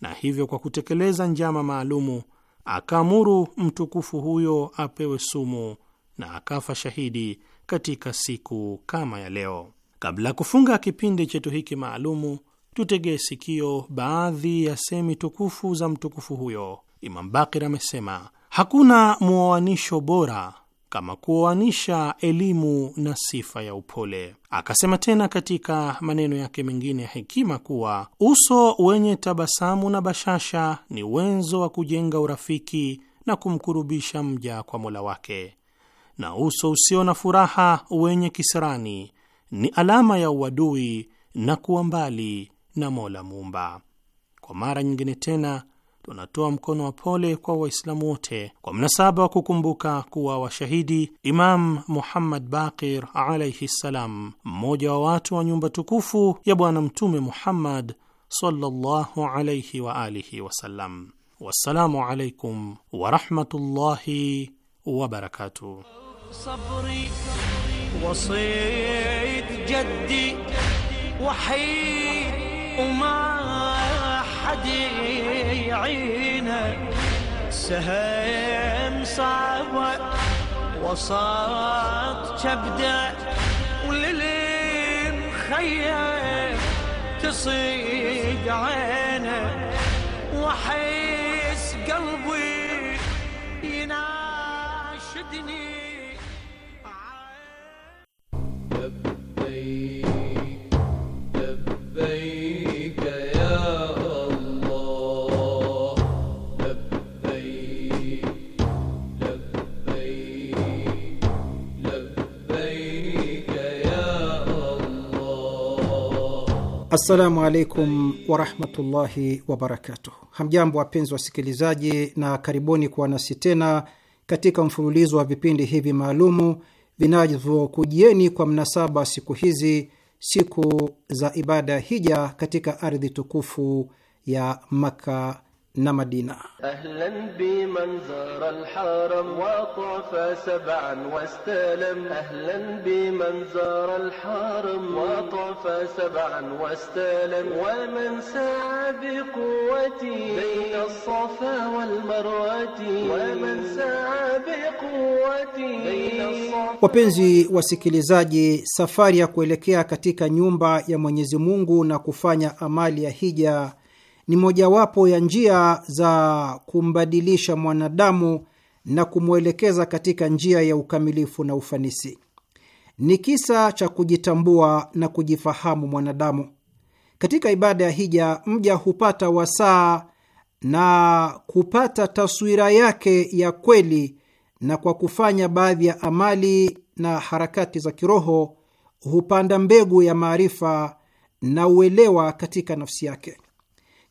[SPEAKER 1] na hivyo kwa kutekeleza njama maalumu akaamuru mtukufu huyo apewe sumu na akafa shahidi katika siku kama ya leo. Kabla ya kufunga kipindi chetu hiki maalumu, tutegee sikio baadhi ya semi tukufu za mtukufu huyo. Imam Bakir amesema hakuna muoanisho bora kama kuoanisha elimu na sifa ya upole. Akasema tena katika maneno yake mengine ya hekima kuwa uso wenye tabasamu na bashasha ni wenzo wa kujenga urafiki na kumkurubisha mja kwa Mola wake na uso usio na furaha wenye kisirani ni alama ya uadui na kuwa mbali na Mola Muumba. Kwa mara nyingine tena tunatoa mkono wa pole kwa Waislamu wote kwa mnasaba wa kukumbuka kuwa washahidi Imam Muhammad Baqir alaihi ssalam, mmoja wa watu wa nyumba tukufu ya Bwana Mtume Muhammad sallallahu alaihi wa alihi wasallam. Wassalamu alaikum warahmatullahi wabarakatuh.
[SPEAKER 3] صبري
[SPEAKER 5] وصيت جدي وحيد وما حد يعينه سهم صعبة وسط كبده وللمخيم تصيد عينه وحيس قلبي ينام
[SPEAKER 6] Assalamu alaikum warahmatullahi wabarakatuh. Hamjambo wapenzi wasikilizaji, na karibuni kuwa nasi tena katika mfululizo wa vipindi hivi maalumu vinavyokujieni kwa mnasaba siku hizi, siku za ibada hija katika ardhi tukufu ya Makka na Madina. Wapenzi wasikilizaji, safari ya kuelekea katika nyumba ya mwenyezimungu na kufanya amali ya hija ni mojawapo ya njia za kumbadilisha mwanadamu na kumwelekeza katika njia ya ukamilifu na ufanisi. Ni kisa cha kujitambua na kujifahamu mwanadamu. Katika ibada ya hija, mja hupata wasaa na kupata taswira yake ya kweli, na kwa kufanya baadhi ya amali na harakati za kiroho hupanda mbegu ya maarifa na uelewa katika nafsi yake.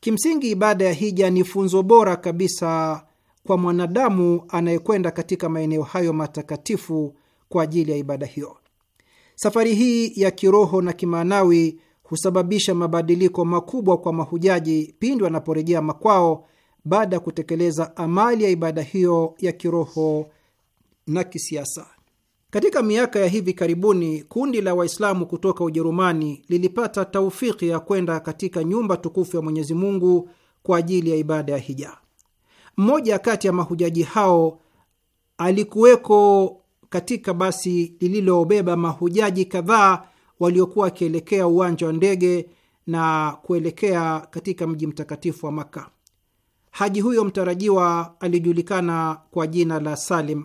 [SPEAKER 6] Kimsingi, ibada ya hija ni funzo bora kabisa kwa mwanadamu anayekwenda katika maeneo hayo matakatifu kwa ajili ya ibada hiyo. Safari hii ya kiroho na kimaanawi husababisha mabadiliko makubwa kwa mahujaji pindi wanaporejea makwao baada ya kutekeleza amali ya ibada hiyo ya kiroho na kisiasa. Katika miaka ya hivi karibuni kundi la Waislamu kutoka Ujerumani lilipata taufiki ya kwenda katika nyumba tukufu ya Mwenyezi Mungu kwa ajili ya ibada ya hija. Mmoja kati ya mahujaji hao alikuweko katika basi lililobeba mahujaji kadhaa waliokuwa wakielekea uwanja wa ndege na kuelekea katika mji mtakatifu wa Makka. Haji huyo mtarajiwa alijulikana kwa jina la Salim.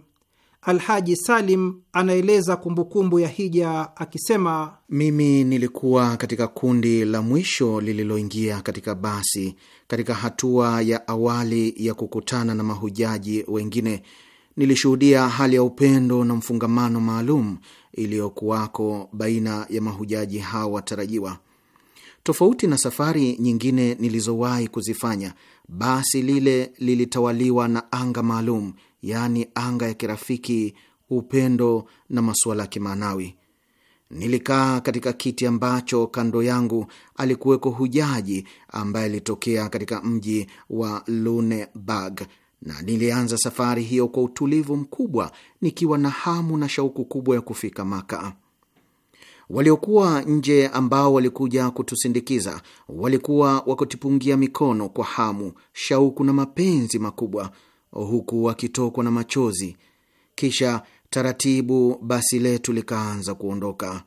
[SPEAKER 6] Alhaji Salim
[SPEAKER 7] anaeleza kumbukumbu ya hija akisema, mimi nilikuwa katika kundi la mwisho lililoingia katika basi katika hatua ya awali ya kukutana na mahujaji wengine. Nilishuhudia hali ya upendo na mfungamano maalum iliyokuwako baina ya mahujaji hao watarajiwa. Tofauti na safari nyingine nilizowahi kuzifanya, basi lile lilitawaliwa na anga maalum yaani anga ya kirafiki, upendo na masuala ya kimaanawi. Nilikaa katika kiti ambacho kando yangu alikuweko hujaji ambaye alitokea katika mji wa Luneburg, na nilianza safari hiyo kwa utulivu mkubwa, nikiwa na hamu na shauku kubwa ya kufika Maka. Waliokuwa nje ambao walikuja kutusindikiza walikuwa wakutipungia mikono kwa hamu, shauku na mapenzi makubwa huku wakitokwa na machozi. Kisha taratibu basi letu likaanza kuondoka.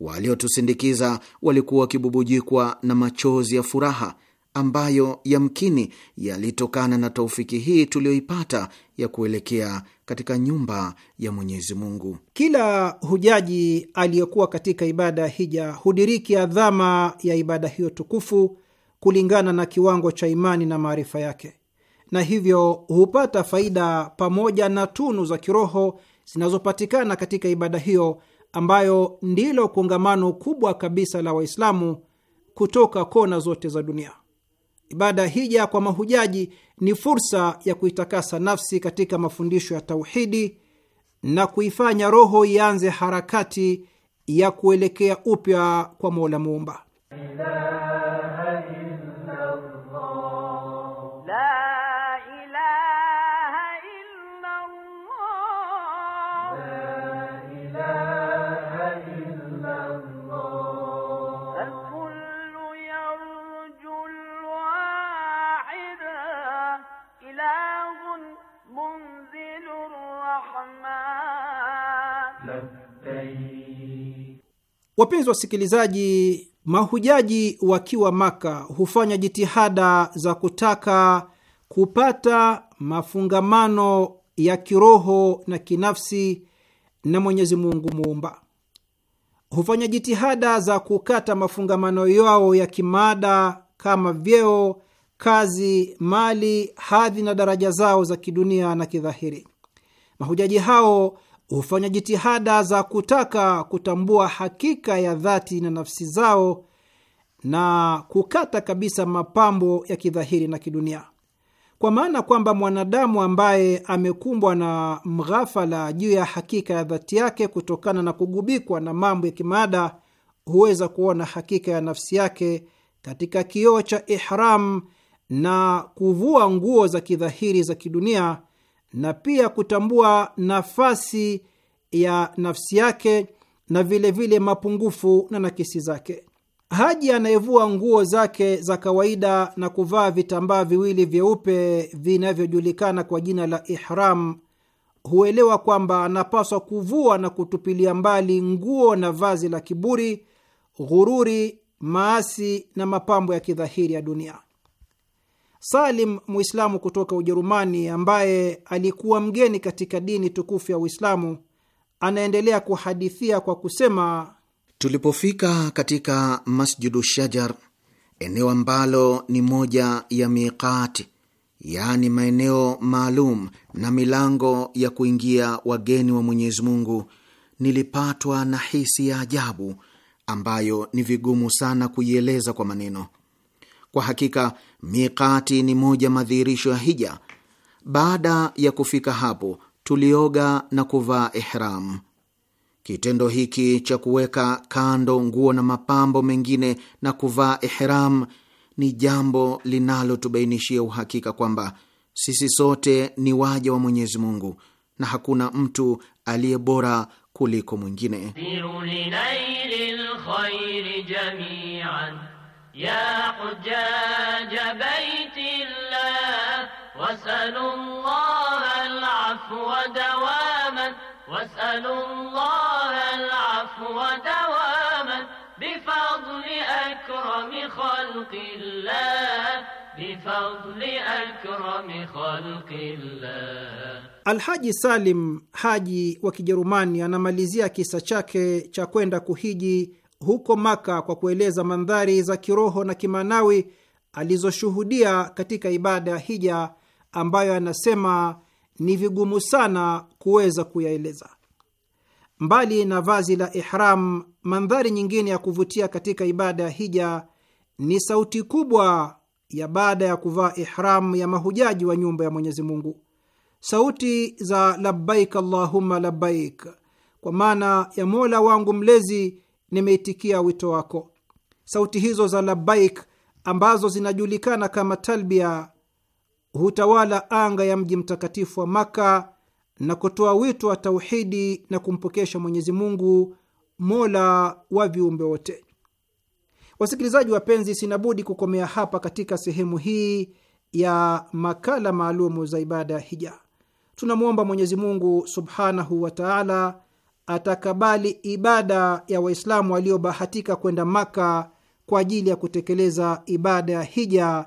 [SPEAKER 7] Waliotusindikiza walikuwa wakibubujikwa na machozi ya furaha ambayo yamkini yalitokana na taufiki hii tuliyoipata ya kuelekea katika nyumba ya Mwenyezi Mungu.
[SPEAKER 6] Kila hujaji aliyekuwa katika ibada ya hija hudiriki adhama ya ibada hiyo tukufu kulingana na kiwango cha imani na maarifa yake na hivyo hupata faida pamoja na tunu za kiroho zinazopatikana katika ibada hiyo ambayo ndilo kongamano kubwa kabisa la Waislamu kutoka kona zote za dunia. Ibada hija kwa mahujaji ni fursa ya kuitakasa nafsi katika mafundisho ya tauhidi na kuifanya roho ianze harakati ya kuelekea upya kwa Mola Muumba. Wapenzi wasikilizaji, mahujaji wakiwa Maka hufanya jitihada za kutaka kupata mafungamano ya kiroho na kinafsi na Mwenyezi Mungu Muumba. Hufanya jitihada za kukata mafungamano yao ya kimaada kama vyeo, kazi, mali, hadhi na daraja zao za kidunia na kidhahiri. Mahujaji hao hufanya jitihada za kutaka kutambua hakika ya dhati na nafsi zao na kukata kabisa mapambo ya kidhahiri na kidunia, kwa maana kwamba mwanadamu ambaye amekumbwa na mghafala juu ya hakika ya dhati yake kutokana na kugubikwa na mambo ya kimaada huweza kuona hakika ya nafsi yake katika kioo cha ihram na kuvua nguo za kidhahiri za kidunia na pia kutambua nafasi ya nafsi yake na vilevile vile mapungufu na nakisi zake. Haji anayevua nguo zake za kawaida na kuvaa vitambaa viwili vyeupe vinavyojulikana kwa jina la ihram huelewa kwamba anapaswa kuvua na kutupilia mbali nguo na vazi la kiburi, ghururi, maasi na mapambo ya kidhahiri ya dunia. Salim, Muislamu kutoka Ujerumani ambaye alikuwa mgeni katika dini tukufu ya Uislamu, anaendelea kuhadithia kwa kusema,
[SPEAKER 7] tulipofika katika Masjidu Shajar, eneo ambalo ni moja ya miqati, yaani maeneo maalum na milango ya kuingia wageni wa Mwenyezi Mungu, nilipatwa na hisi ya ajabu ambayo ni vigumu sana kuieleza kwa maneno. Kwa hakika Miqati ni moja madhihirisho ya hija. Baada ya kufika hapo, tulioga na kuvaa ihram. Kitendo hiki cha kuweka kando nguo na mapambo mengine na kuvaa ihram ni jambo linalotubainishia uhakika kwamba sisi sote ni waja wa Mwenyezi Mungu na hakuna mtu aliye bora kuliko mwingine
[SPEAKER 3] ya
[SPEAKER 2] hujaja baitillah wasalullah alafwa dawaman wasalullah alafwa dawaman bifadli akrami khalqillah bifadli akrami khalqillah
[SPEAKER 6] Alhaji Salim Haji wa Kijerumani anamalizia kisa chake cha kwenda kuhiji huko Maka kwa kueleza mandhari za kiroho na kimanawi alizoshuhudia katika ibada ya hija ambayo anasema ni vigumu sana kuweza kuyaeleza. Mbali na vazi la ihram, mandhari nyingine ya kuvutia katika ibada ya hija ni sauti kubwa ya baada ya kuvaa ihram ya mahujaji wa nyumba ya Mwenyezi Mungu, sauti za labbaik allahumma labbaik, kwa maana ya mola wangu mlezi nimeitikia wito wako. Sauti hizo za labaik ambazo zinajulikana kama talbia hutawala anga ya mji mtakatifu wa Maka na kutoa wito wa tauhidi na kumpokesha Mwenyezi Mungu, mola wa viumbe wote. Wasikilizaji wapenzi, sinabudi kukomea hapa katika sehemu hii ya makala maalumu za ibada ya hija. Tunamwomba Mwenyezi Mungu subhanahu wa taala atakabali ibada ya Waislamu waliobahatika kwenda Maka kwa ajili ya kutekeleza ibada ya hija,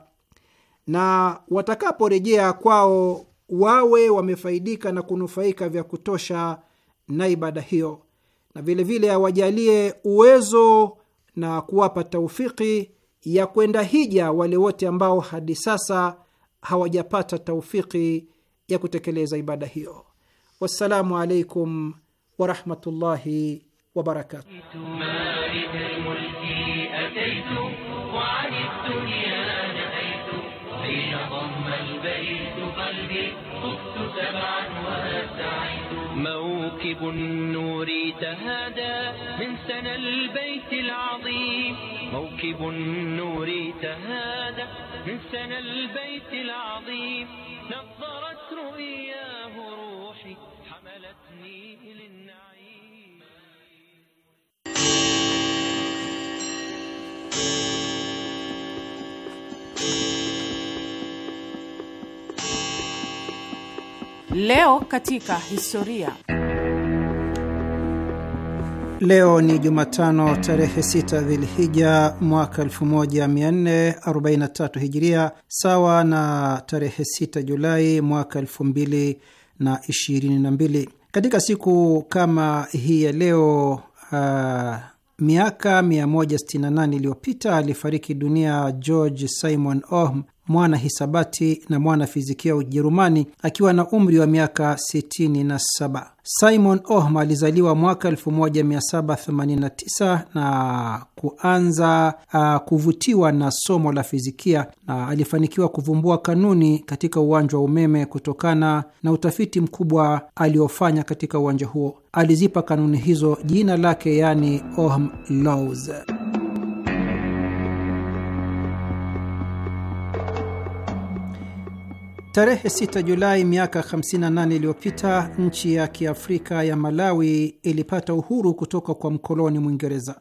[SPEAKER 6] na watakaporejea kwao wawe wamefaidika na kunufaika vya kutosha na ibada hiyo, na vilevile awajalie uwezo na kuwapa taufiki ya kwenda hija wale wote ambao hadi sasa hawajapata taufiki ya kutekeleza ibada hiyo. Wassalamu alaikum ورحمة الله وبركاته
[SPEAKER 3] مارد الملك أتيت وعن الدنيا نهيت حين ضم البيت قلبي خفت سبعا وسعيت
[SPEAKER 2] موكب النور تهادى من سنى البيت العظيم موكب النور تهادى من سنى البيت العظيم نظرت رؤياه روحي للنعيم
[SPEAKER 4] Leo katika historia.
[SPEAKER 6] Leo ni Jumatano tarehe 6 Dhilhija mwaka 1443 Hijiria, sawa na tarehe 6 Julai mwaka 2022. Katika siku kama hii ya leo uh, miaka 168 iliyopita alifariki dunia George Simon Ohm, mwana hisabati na mwana fizikia Ujerumani akiwa na umri wa miaka 67. Simon Ohm alizaliwa mwaka 1789 na kuanza uh, kuvutiwa na somo la fizikia na alifanikiwa kuvumbua kanuni katika uwanja wa umeme kutokana na utafiti mkubwa aliofanya katika uwanja huo. Alizipa kanuni hizo jina lake, yaani Ohm laws. Tarehe 6 Julai miaka 58 iliyopita nchi ya kiafrika ya Malawi ilipata uhuru kutoka kwa mkoloni Mwingereza.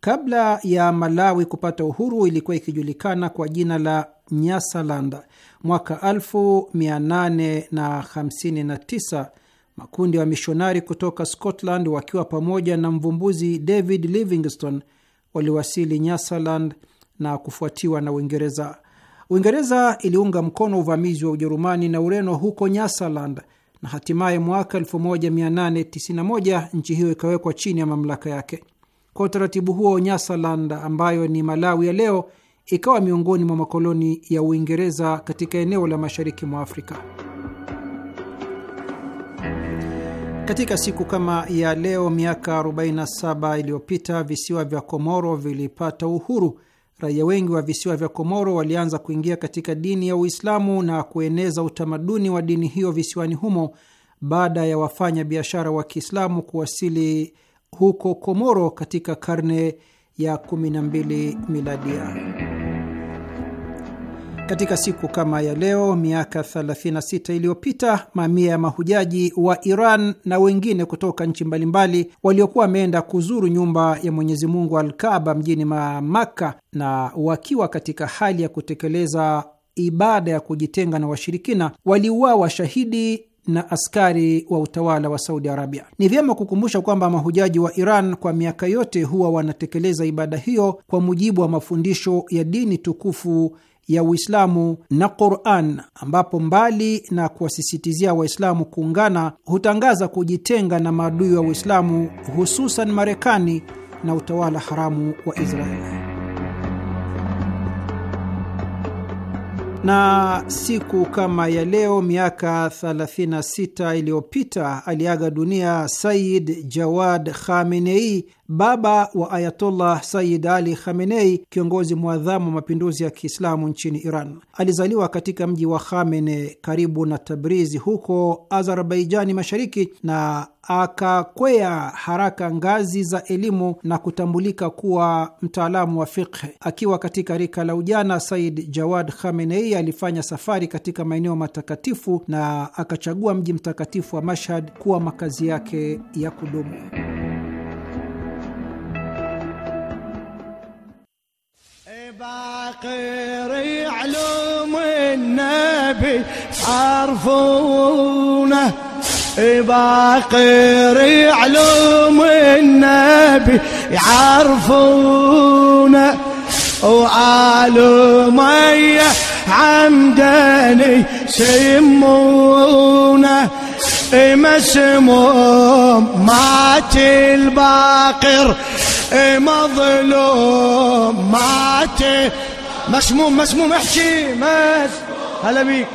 [SPEAKER 6] Kabla ya Malawi kupata uhuru, ilikuwa ikijulikana kwa jina la Nyasaland. Mwaka 1859 makundi ya wa mishonari kutoka Scotland wakiwa pamoja na mvumbuzi David Livingstone waliwasili Nyasaland na kufuatiwa na Uingereza. Uingereza iliunga mkono uvamizi wa Ujerumani na Ureno huko Nyasaland na hatimaye mwaka 1891 nchi hiyo ikawekwa chini ya mamlaka yake. Kwa utaratibu huo, Nyasaland ambayo ni Malawi ya leo ikawa miongoni mwa makoloni ya Uingereza katika eneo la mashariki mwa Afrika. Katika siku kama ya leo miaka 47 iliyopita visiwa vya Komoro vilipata uhuru raia wengi wa visiwa vya Komoro walianza kuingia katika dini ya Uislamu na kueneza utamaduni wa dini hiyo visiwani humo baada ya wafanya biashara wa Kiislamu kuwasili huko Komoro katika karne ya 12 miladia. Katika siku kama ya leo miaka 36 iliyopita mamia ya mahujaji wa Iran na wengine kutoka nchi mbalimbali waliokuwa wameenda kuzuru nyumba ya Mwenyezi Mungu al mjini Makka na wakiwa katika hali ya kutekeleza ibada ya kujitenga na washirikina waliuawa shahidi na askari wa utawala wa Saudi Arabia. Ni vyema kukumbusha kwamba mahujaji wa Iran kwa miaka yote huwa wanatekeleza ibada hiyo kwa mujibu wa mafundisho ya dini tukufu ya Uislamu na Quran, ambapo mbali na kuwasisitizia Waislamu kuungana, hutangaza kujitenga na maadui wa Uislamu, hususan Marekani na utawala haramu wa Israeli. na siku kama ya leo miaka 36 iliyopita aliaga dunia Said Jawad Khamenei, baba wa Ayatollah Sayid Ali Khamenei, kiongozi mwadhamu wa mapinduzi ya Kiislamu nchini Iran. Alizaliwa katika mji wa Khamene karibu na Tabrizi huko Azerbaijani Mashariki, na akakwea haraka ngazi za elimu na kutambulika kuwa mtaalamu wa fikhe Akiwa katika rika la ujana, Said Jawad Khamenei alifanya safari katika maeneo matakatifu na akachagua mji mtakatifu wa Mashhad kuwa makazi yake ya kudumu.
[SPEAKER 5] غير يعلوم النبي تعرفونه باقر يعلوم النبي يعرفونه وآل مية عمدني سمونه مسموم مات الباقر مظلوم مات مسموم مسموم احكي مس هلا بيك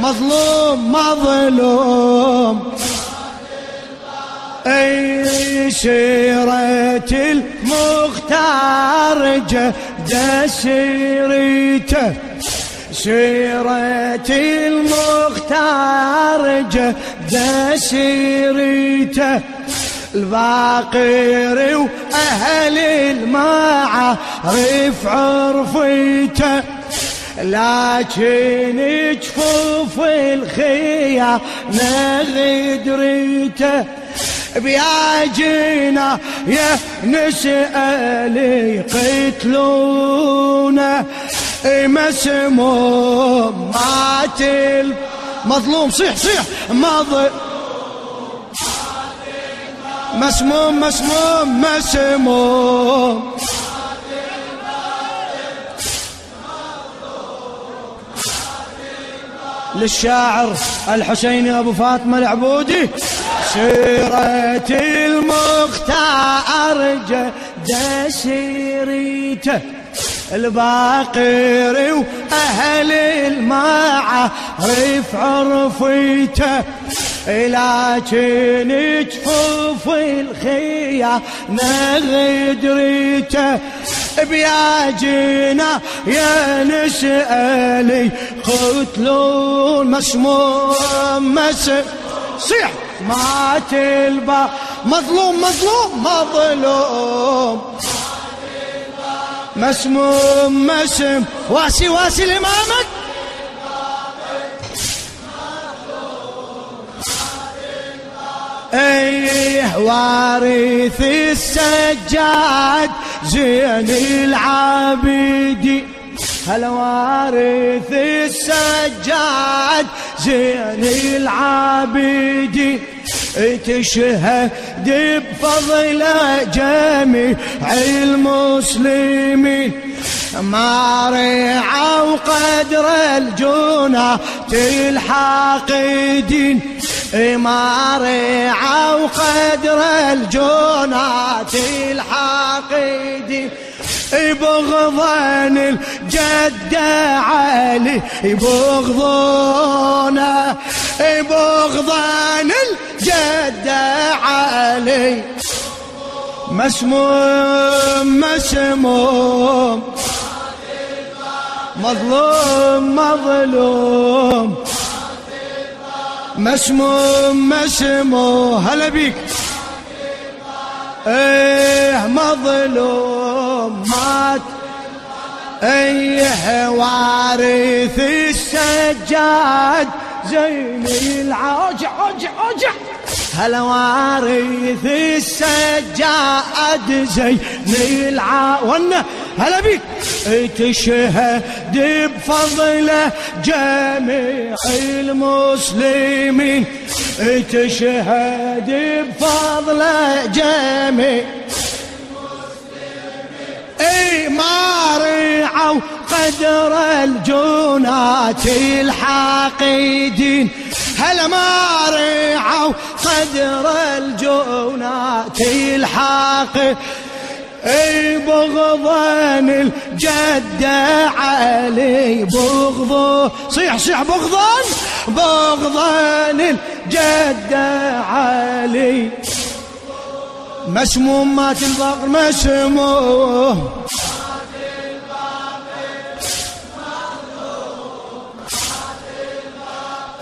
[SPEAKER 5] مظلوم مظلوم اي سيرة المختار جد سيرته سيرة المختار جد سيرته الباقر وأهل الماعة عرفيته لكن جفوف الخيا نغدريته بياجينا يا نسأل يقتلونا مسموم مات المظلوم صيح صيح مظلوم مسموم مسموم مسموم للشاعر الحسيني أبو فاطمة العبودي سيرة المختار جد سيريته الباقر وأهل المعارف عرفيته لكن جحوف الخيا نغدريته جينا يا نسألي قتلون مسموم مسم صيح مات البا مظلوم مظلوم مظلوم مسموم مسم واسي واسي لمامك ايه وارث السجاد زين العبيدي هل وارث السجاد زين العبيدي تشهد بفضل جميع المسلمين مارع وقدر الجنى تلحاقدين مارع وقدر الجنى تلحاقدين يبغضن الجد علي يبغضونه يبغضن الجد علي مسموم مسموم مظلوم مظلوم مشموم مشمو هلا بيك ايه مظلوم مات ايه وارث السجاد زين العوج عوج عوج هلا وارث السجاد زين العوج هلا بيك تشهد بفضله جميع المسلمين تشهد بفضله جميع اي ما رعوا قدر الجنات الحاقدين هلا ما رعوا قدر الجنات الحاقدين اي بغضان الجدة علي بغضو صيح صيح بغضان بغضان الجدة علي مسموم مات الباقر مسموم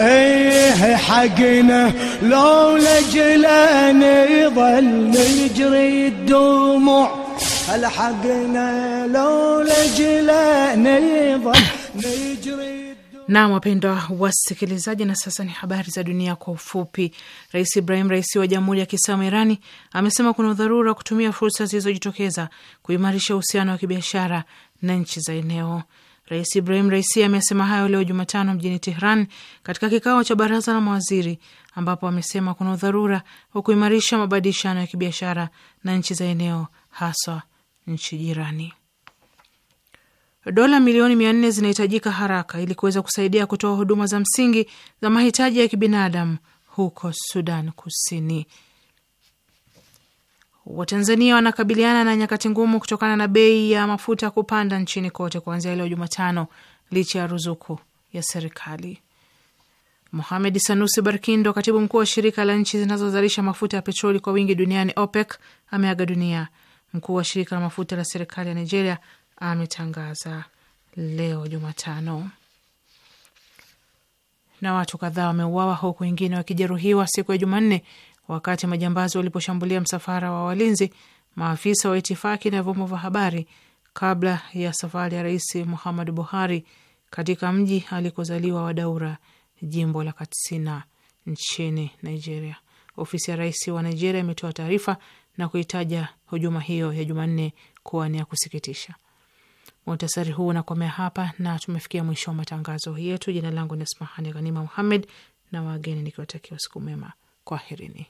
[SPEAKER 5] ايه حقنا لو لجلاني ظل يجري الدموع
[SPEAKER 4] نجري na wapendwa wasikilizaji, na sasa ni habari za dunia kwa ufupi. Rais Ibrahim Raisi wa Jamhuri ya Kiislamu Irani amesema kuna udharura wa kutumia fursa zilizojitokeza kuimarisha uhusiano wa kibiashara na nchi za eneo. Rais Ibrahim Raisi amesema hayo leo Jumatano mjini Tehran katika kikao cha baraza la mawaziri ambapo amesema kuna udharura wa kuimarisha mabadilishano ya kibiashara na nchi za eneo haswa nchi jirani. Dola milioni mia nne zinahitajika haraka ili kuweza kusaidia kutoa huduma za msingi za mahitaji ya kibinadamu huko Sudan Kusini. Watanzania wanakabiliana na nyakati ngumu kutokana na bei ya mafuta kupanda nchini kote kuanzia leo Jumatano, licha ya ruzuku ya serikali. Mohamed Sanusi Barkindo, katibu mkuu wa shirika la nchi zinazozalisha mafuta ya petroli kwa wingi duniani OPEC, ameaga dunia Mkuu wa shirika la mafuta la serikali ya Nigeria ametangaza leo Jumatano. Na watu kadhaa wameuawa huku wengine wakijeruhiwa siku ya Jumanne wakati majambazi waliposhambulia msafara wa walinzi, maafisa wa itifaki na vyombo vya habari kabla ya safari ya Rais Muhammadu Buhari katika mji alikozaliwa wa Daura, jimbo la Katsina nchini Nigeria. Ofisi ya rais wa Nigeria imetoa taarifa na kuitaja hujuma hiyo ya Jumanne kuwa ni ya kusikitisha. Muhtasari huu unakomea hapa na tumefikia mwisho wa matangazo yetu. Jina langu ni Asmahani Ghanima Muhammed na wageni nikiwatakia usiku mema, kwaherini.